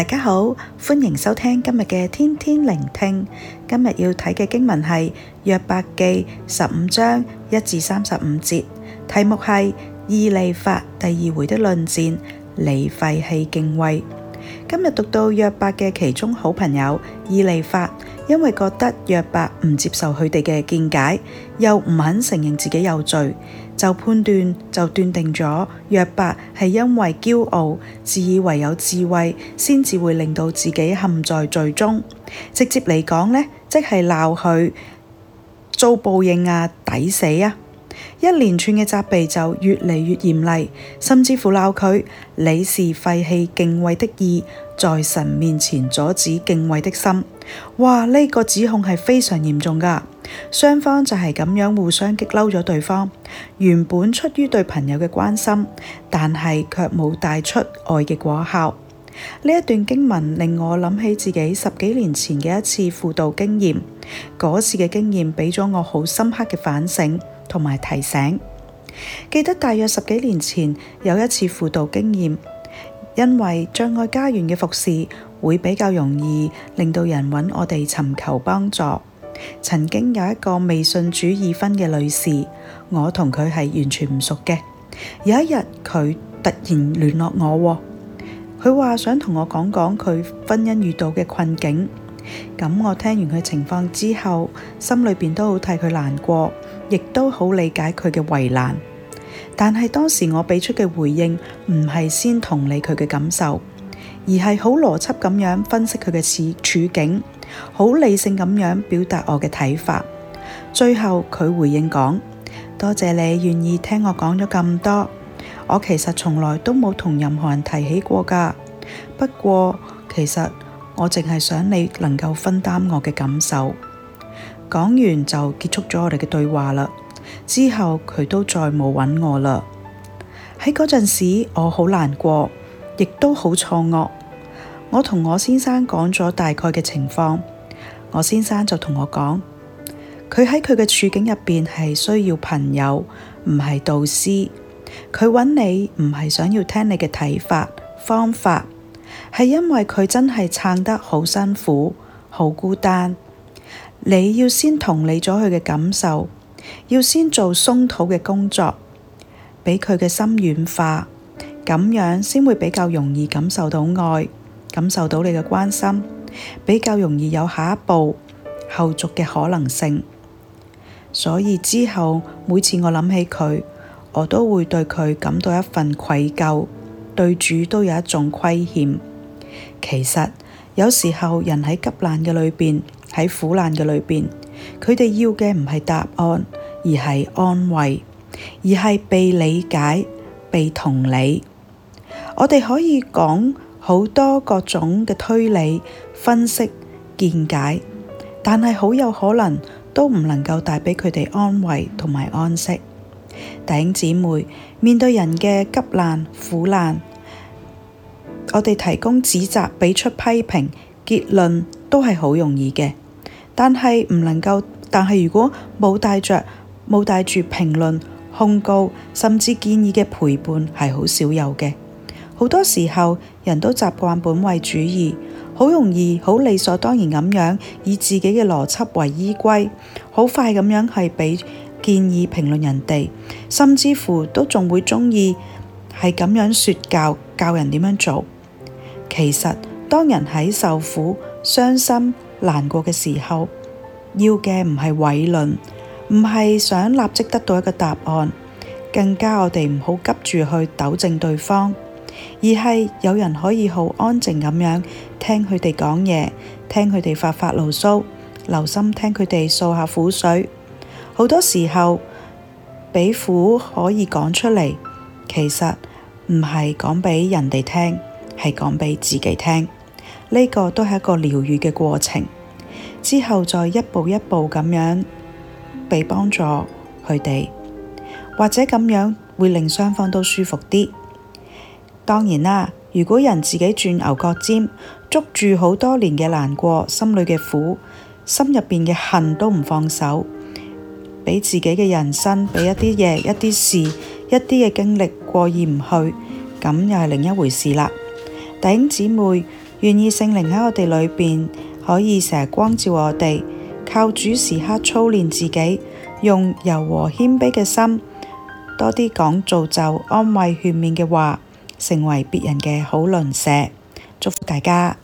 大家好，歡迎收聽今日嘅天天聆聽。今日要睇嘅經文係《約伯記》十五章一至三十五節，題目係《以利法》第二回的論戰，你廢棄敬畏。今日讀到約伯嘅其中好朋友以利法，因為覺得約伯唔接受佢哋嘅見解，又唔肯承認自己有罪，就判斷就斷定咗約伯係因為驕傲，自以為有智慧，先至會令到自己陷在罪中。直接嚟講呢，即係鬧佢遭報應啊，抵死啊！一連串嘅責備就越嚟越嚴厲，甚至乎鬧佢：你是廢棄敬畏的意，在神面前阻止敬畏的心。哇！呢、這個指控係非常嚴重噶。雙方就係咁樣互相激嬲咗對方。原本出於對朋友嘅關心，但係卻冇帶出愛嘅果效。呢一段經文令我諗起自己十幾年前嘅一次輔導經驗。嗰次嘅經驗畀咗我好深刻嘅反省。同埋提醒，記得大約十幾年前有一次輔導經驗，因為匠愛家園嘅服侍會比較容易令到人揾我哋尋求幫助。曾經有一個未信主已婚嘅女士，我同佢係完全唔熟嘅。有一日佢突然聯絡我，佢話想同我講講佢婚姻遇到嘅困境。咁我聽完佢情況之後，心裏邊都好替佢難過，亦都好理解佢嘅為難。但係當時我俾出嘅回應唔係先同理佢嘅感受，而係好邏輯咁樣分析佢嘅處境，好理性咁樣表達我嘅睇法。最後佢回應講：多謝你願意聽我講咗咁多，我其實從來都冇同任何人提起過噶。不過其實。我淨係想你能夠分擔我嘅感受。講完就結束咗我哋嘅對話啦。之後佢都再冇搵我啦。喺嗰陣時，我好難過，亦都好錯愕。我同我先生講咗大概嘅情況，我先生就同我講，佢喺佢嘅處境入邊係需要朋友，唔係導師。佢搵你唔係想要聽你嘅睇法、方法。係因為佢真係撐得好辛苦，好孤單。你要先同理咗佢嘅感受，要先做鬆土嘅工作，畀佢嘅心軟化，咁樣先會比較容易感受到愛，感受到你嘅關心，比較容易有下一步後續嘅可能性。所以之後每次我諗起佢，我都會對佢感到一份愧疚。對主都有一種虧欠。其實有時候人喺急難嘅裏邊，喺苦難嘅裏邊，佢哋要嘅唔係答案，而係安慰，而係被理解、被同理。我哋可以講好多各種嘅推理、分析、見解，但係好有可能都唔能夠帶畀佢哋安慰同埋安息。弟兄姊妹，面對人嘅急難、苦難。我哋提供指責、畀出批評、結論都係好容易嘅，但係唔能夠，但係如果冇帶著冇帶住評論、控告甚至建議嘅陪伴，係好少有嘅。好多時候人都習慣本位主義，好容易好理所當然咁樣以自己嘅邏輯為依歸，好快咁樣係畀建議、評論人哋，甚至乎都仲會鍾意係咁樣說教教人點樣做。其實，當人喺受苦、傷心、難過嘅時候，要嘅唔係偉論，唔係想立即得到一個答案，更加我哋唔好急住去糾正對方，而係有人可以好安靜咁樣聽佢哋講嘢，聽佢哋發發牢騷，留心聽佢哋訴下苦水。好多時候，俾苦可以講出嚟，其實唔係講畀人哋聽。係講畀自己聽，呢個都係一個療愈嘅過程。之後再一步一步咁樣，畀幫助佢哋，或者咁樣會令雙方都舒服啲。當然啦，如果人自己轉牛角尖，捉住好多年嘅難過、心裏嘅苦、心入邊嘅恨都唔放手，畀自己嘅人生，畀一啲嘢、一啲事、一啲嘅經歷過意唔去，咁又係另一回事啦。弟兄姐妹，願意聖靈喺我哋裏面，可以成日光照我哋，靠主時刻操練自己，用柔和謙卑嘅心，多啲講造就、安慰、勸勉嘅話，成為別人嘅好鄰舍。祝福大家。